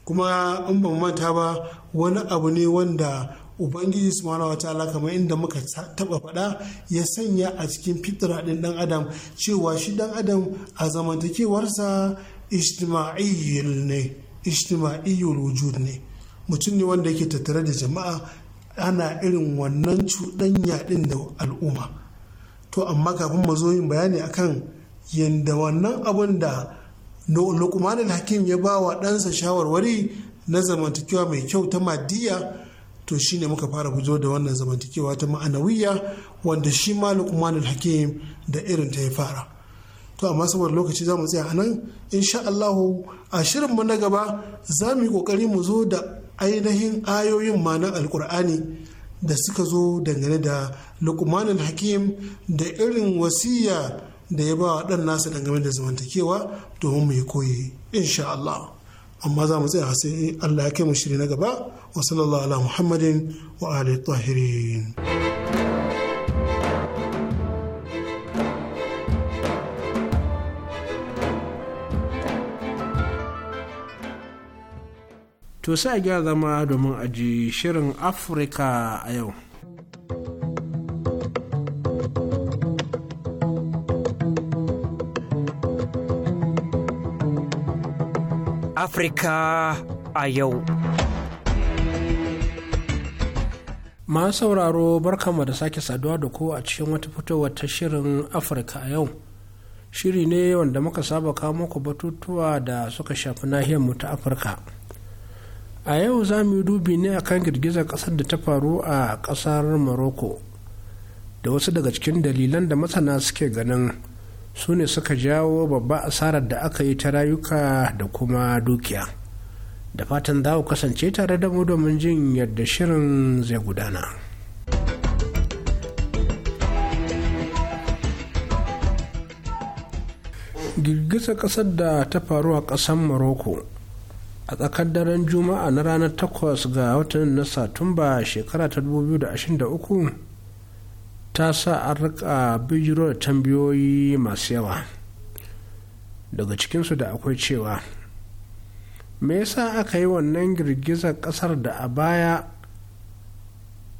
kuma in ban manta ba wani abu ne wanda ubangiji subhanahu wataala kamar inda muka taɓa faɗa ya sanya a cikin fitra ɗin ɗan adam cewa shi ɗan adam a zamantakewarsa ijtima'iyyul ne ijtima'iyyul wujud ne mutum ne wanda yake tattare da jama'a ana irin wannan cuɗanya ɗin da al'umma to amma kafin mu zo yin bayani akan yadda wannan abun da no, hakim ya ba wa ɗansa shawarwari na zamantakewa mai kyau ta madiyya to shine muka fara fito da wannan zamantakewa ta ma'anawiyya wanda shi ma lokumanin hakim da irin ta ya fara to amma saboda lokaci za mu tsaya a nan insha Allahu a mu na gaba za mu yi kokari mu zo da ainihin ayoyin ma na alkur'ani da suka zo dangane da lukmanin hakim da irin wasiya da ya ba wa ɗan nasa dangane da zamantakewa domin mu yi koyi insha Allah amma za mu tsaya a sai Allah ya kai mu shiri na gaba wa sallallahu ala muhammadin wa alihi tahirin to sai gyara zama domin aji shirin afirka a yau afirka a yau masu sauraro barkanmu da sake saduwa da ku a cikin wata fitowa ta shirin afirka a yau shiri ne wanda muka saba kawo muku batutuwa da suka shafi nahiyar mu ta afirka a yau za mu yi dubi ne a kan girgizar kasar da ta faru a kasar morocco da wasu daga cikin dalilan da masana suke ganin su ne suka jawo babba asarar da aka yi ta rayuka da kuma dukiya da fatan za ku kasance tare da mu domin jin yadda shirin zai gudana girgizar kasar da ta faru a kasar morocco a tsakar daren juma'a na ranar 8 ga watan na satumba shekara ta 2023 ta sa an rika bijiro da tambayoyi masu yawa daga cikinsu da akwai cewa me yasa aka yi wannan girgizar kasar da a baya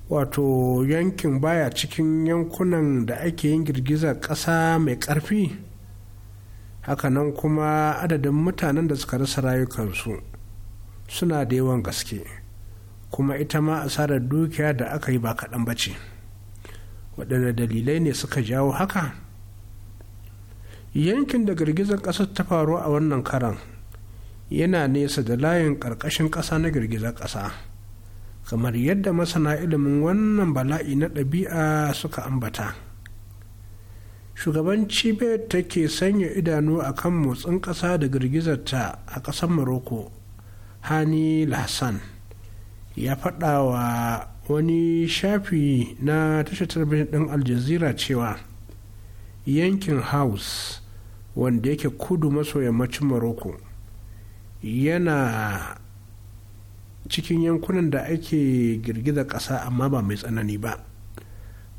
wato yankin baya cikin yankunan da ake yin girgizar kasa mai karfi hakanan kuma adadin mutanen da suka rasa rayukansu suna da yawan gaske kuma ita ma asarar dukiya da aka yi ba kaɗan ba ce waɗanne dalilai ne suka jawo haka yankin da girgizar ƙasar ta faru a wannan karan yana nesa da layin ƙarƙashin ƙasa na girgizar ƙasa kamar yadda masana ilimin wannan bala'i na ɗabi'a suka ambata shugaban cibiyar take sanya idanu a kan motsin ƙasa da girgizarta a ƙasar maroko hani Lahassan ya faɗa wa wani shafi na tashar talabijin ɗin aljazira cewa yankin house wanda yake kudu maso yammacin morocco yana cikin yankunan da ake girgiza ƙasa amma ba mai tsanani ba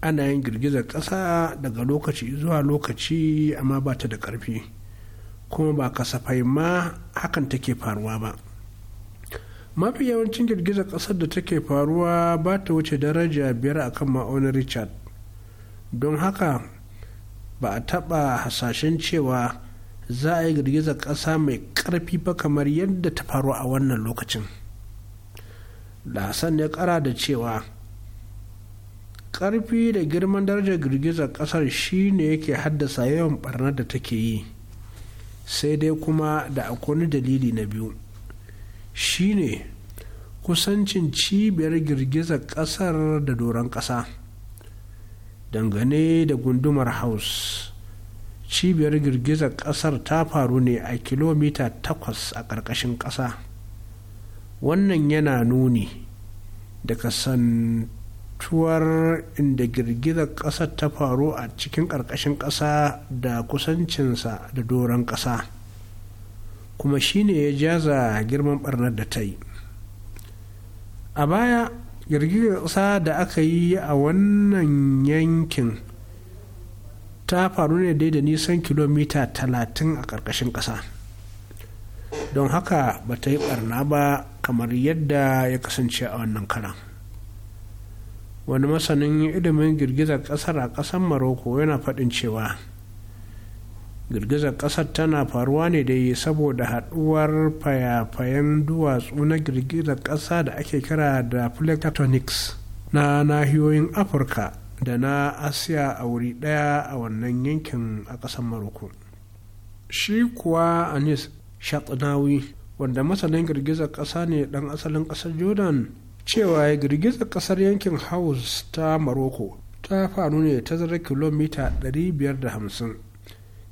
ana yin girgizar ƙasa daga lokaci zuwa lokaci amma ba ta da ƙarfi kuma ba kasafai ma hakan take faruwa ba mafi yawancin girgizar ƙasar da take faruwa ba ta wuce daraja biyar a kan ma'aunin richard don haka ba a taɓa hasashen cewa za a yi girgizar ƙasa mai ƙarfi ba kamar yadda ta faru a wannan lokacin da hasan ya ƙara da cewa ƙarfi da girman darajar girgizar ƙasar shine yake haddasa yawan ɓarnar da take yi sai dai kuma da akwai dalili na biyu shine kusancin cibiyar girgizar ƙasar da doron ƙasa dangane da gundumar house cibiyar girgizar ƙasar ta faru ne a kilomita 8 a ƙarƙashin ƙasa wannan yana nuni da kasantuwar inda girgizar ƙasar ta faru a cikin ƙarƙashin ƙasa da kusancinsa da doron ƙasa kuma shi ne ya jaza girman barnar da ta yi a baya girgizar ƙasa da aka yi a wannan yankin ta faru ne dai da nisan kilomita talatin a ƙarƙashin ƙasa don haka ba ta yi ɓarna ba kamar yadda ya kasance a wannan karan wani masanin ilimin girgizar ƙasar a ƙasar maroko yana faɗin cewa girgizar ƙasar tana faruwa ne dai saboda haɗuwar fayafayen duwatsu na girgizar ƙasa da ake kira da plectonics na nahiyoyin afirka da na asiya a wuri daya a wannan yankin a ƙasar maroko shi kuwa anis shatnawi wanda masanin girgizar ƙasa ne dan asalin ƙasar jordan cewa girgizar ƙasar yankin house ta maroko ta faru ne tazarar kilomita 550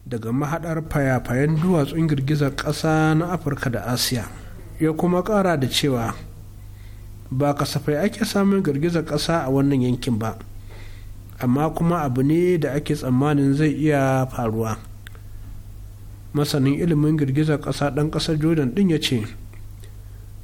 daga mahadar fayafayen duwatsun girgizar ƙasa na afirka da asiya ya kuma ƙara da cewa ba kasafai ake samun girgizar ƙasa a wannan yankin ba amma kuma abu ne da ake tsammanin zai iya faruwa masanin ilimin girgizar ƙasa ɗan ƙasar jordan ɗin ya ce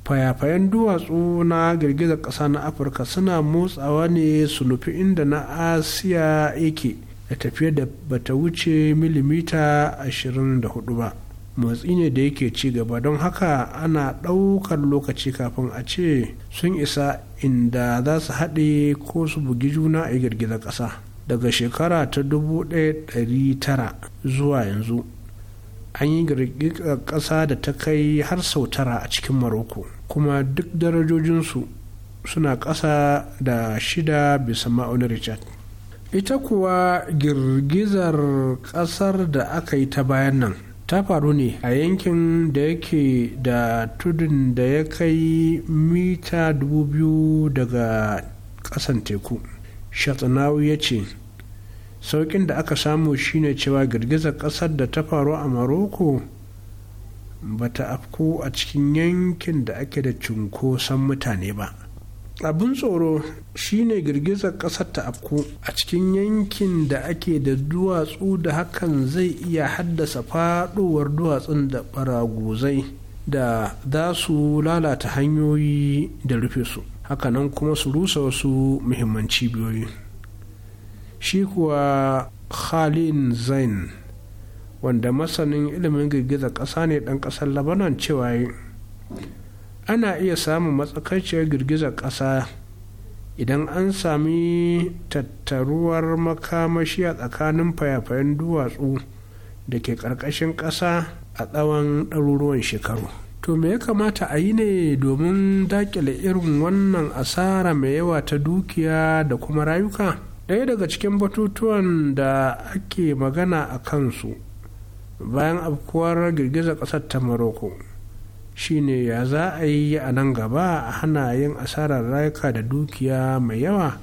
fayafayen duwatsu na girgizar ƙasa na afirka suna motsawa ne su nufi inda na asiya yake da tafiyar da bata wuce milimita 24 ba motsi ne da yake ci gaba don haka ana ɗaukar lokaci kafin a ce sun isa inda za su haɗe ko su bugi juna a girgizar ƙasa daga shekara ta 1900 zuwa yanzu an yi girgizar ƙasa da ta kai har sau tara a cikin maroko kuma duk darajojinsu suna ƙasa da shida bisa ma'aunin richard ita kuwa girgizar ƙasar da aka yi ta bayan nan ta faru ne a yankin da yake da tudun da ya kai mita biyu daga ƙasan teku shatsanawu ya ce saukin da aka samu shine cewa girgizar ƙasar da ta faru a maroko ba ta afko a cikin yankin da ake da cunkoson mutane ba abin tsoro shine girgizar ƙasar ta afku a cikin yankin da ake da duwatsu da hakan zai iya haddasa faɗowar duwatsun da ɓaraguzai da za su lalata hanyoyi da rufe su hakanan kuma su rusa wasu muhimman cibiyoyi shi kuwa khalin zain wanda masanin ilimin girgizar ƙasa ne ɗan ƙasar labanan cewa ana iya samun matsakaiciyar girgizar ƙasa idan an sami tattaruwar makamashi a tsakanin fayafayen duwatsu da ke ƙarƙashin ƙasa a tsawon ɗaruruwan shekaru to me ya kamata a yi ne domin daƙile irin wannan asara mai yawa ta dukiya da kuma rayuka ɗaya daga cikin batutuwan da ake magana a kansu bayan afkuwar girgizar ƙasar ta maroko shine ya za a yi a nan gaba a hana yin asarar rayuka da dukiya mai yawa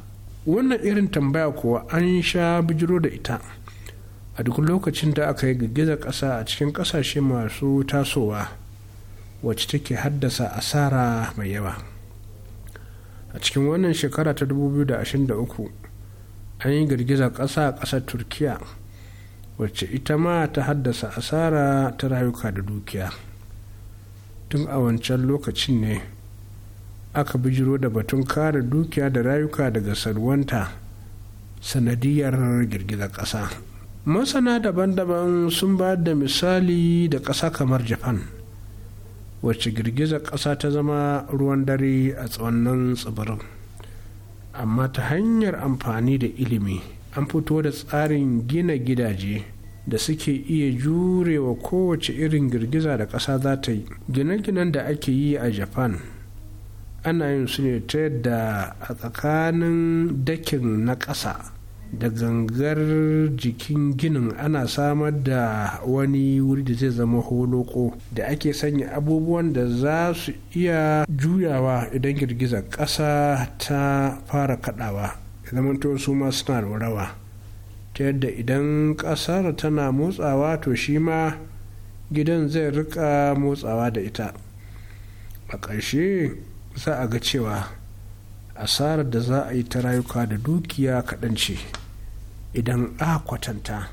wannan irin tambaya kuwa an sha bijiro da ita a duk lokacin da aka yi girgizar ƙasa a cikin ƙasashe masu tasowa wacce take haddasa asara mai yawa a cikin wannan shekara ta 2023 an yi girgizar ƙasa a ƙasar turkiya wacce ita ma ta haddasa asara ta rayuka da dukiya tun a wancan lokacin ne aka bijiro da batun kare dukiya da rayuka daga salwanta sanadiyar girgizar ƙasa masana daban-daban sun ba da misali da ƙasa kamar japan wacce girgizar ƙasa ta zama ruwan dare a nan tsibirin amma ta hanyar amfani da ilimi an fito da tsarin gina gidaje da suke iya jurewa kowace irin girgiza da ƙasa za ta yi gine-ginen da ake yi a japan ana yin su ne ta yadda a tsakanin dakin na ƙasa da gangar jikin ginin ana samar da wani wuri da zai zama holoko da ake sanya abubuwan da za su iya juyawa idan girgizar ƙasa ta fara kaɗawa zamanto su ma suna rawa ta yadda idan ƙasar tana motsawa to shi ma gidan zai rika motsawa da ita a ƙarshe za a ga cewa asarar da za a yi ta rayuka da dukiya kaɗan ce idan a kwatanta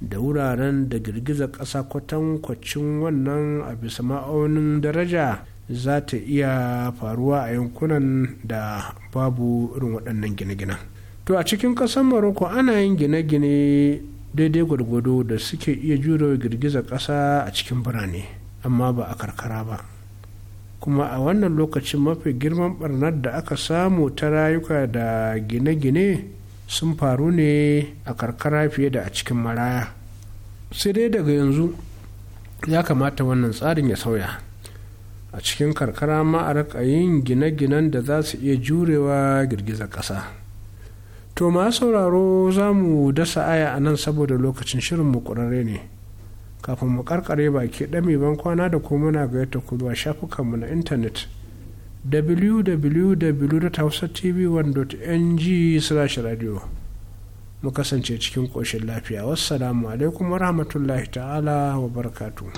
da wuraren da girgiza ƙasa kwatankwacin wannan a bisa ma'aunin daraja za ta iya faruwa a yankunan da babu irin waɗannan gine-ginen. to a cikin kasar maroko ana yin gine-gine daidai gwargwado da suke iya jurewa girgizar ƙasa a cikin birane amma ba a karkara ba kuma a wannan lokacin mafi girman barnar da aka samu ta rayuka da gine-gine sun faru ne a karkara fiye da a cikin maraya sai dai daga yanzu ya kamata wannan tsarin ya sauya a cikin karkara ma a yin gine-ginen da za su iya jurewa girgizar ƙasa to ma sauraro za mu dasa aya a nan saboda lokacin shirin mu ƙurare ne kafin mu karkare baki ɗami ban kwana da kuma muna ga yadda ku zuwa shafukanmu na intanet www.hausatv1.ng slash radio mu kasance cikin ƙoshin lafiya wassalamu alaikum rahmatullahi ta'ala wa barakatuhu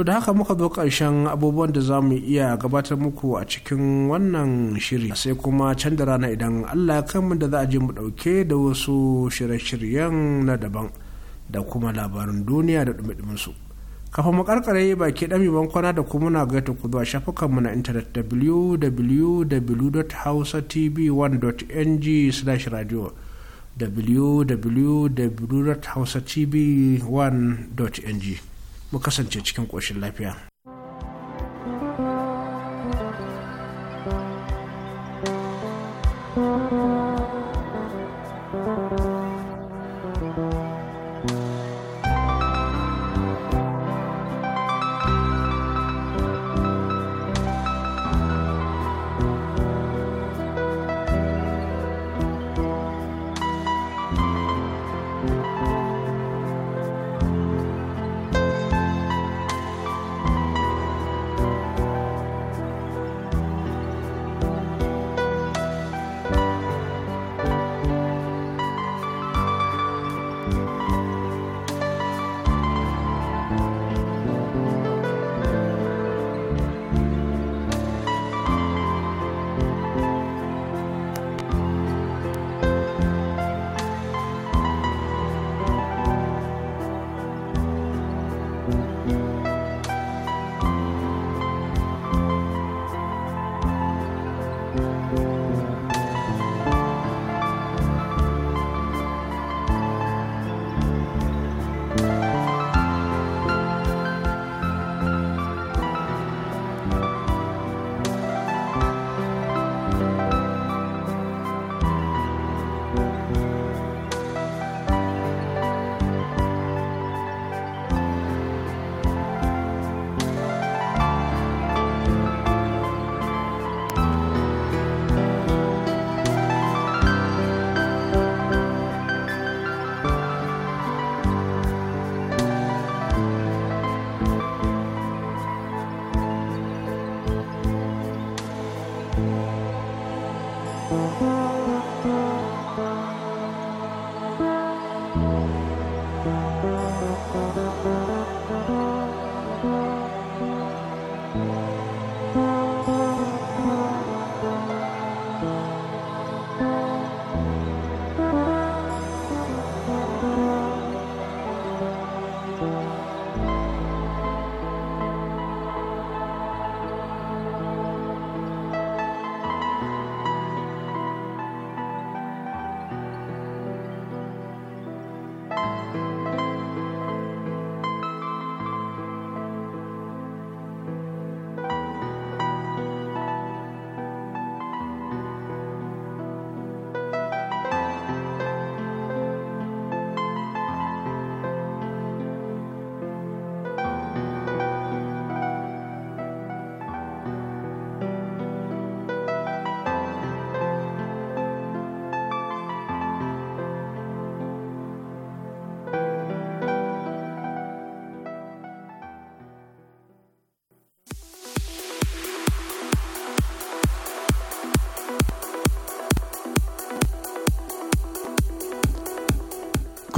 To da haka muka zo ƙarshen abubuwan da za mu iya gabatar muku a cikin wannan shiri sai kuma can da rana idan Allah ya kanmu da za a je mu ɗauke da wasu shirye-shiryen na daban da kuma labarin duniya da ɗumi su. Kafin mu karkare baki ɗami bankwana da kuma na gaita ku zuwa shafukanmu na intanet www.hausatv1.ng/radio www.hausatv1.ng. mu kasance cikin ƙoshin lafiya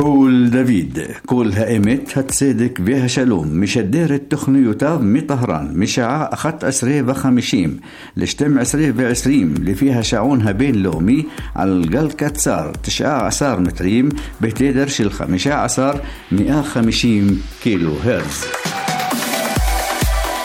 كول دافيد كول هائمت هتسيدك بها شلوم مش الدير التخني يوتاف مي طهران مشاع أخت أسري بخمشيم لشتم عسري بعسريم اللي فيها شاعونها بين لومي على القل تسار تشعى عسار متريم بتدرش الخمشة عسار مئة خمشيم كيلو هرتز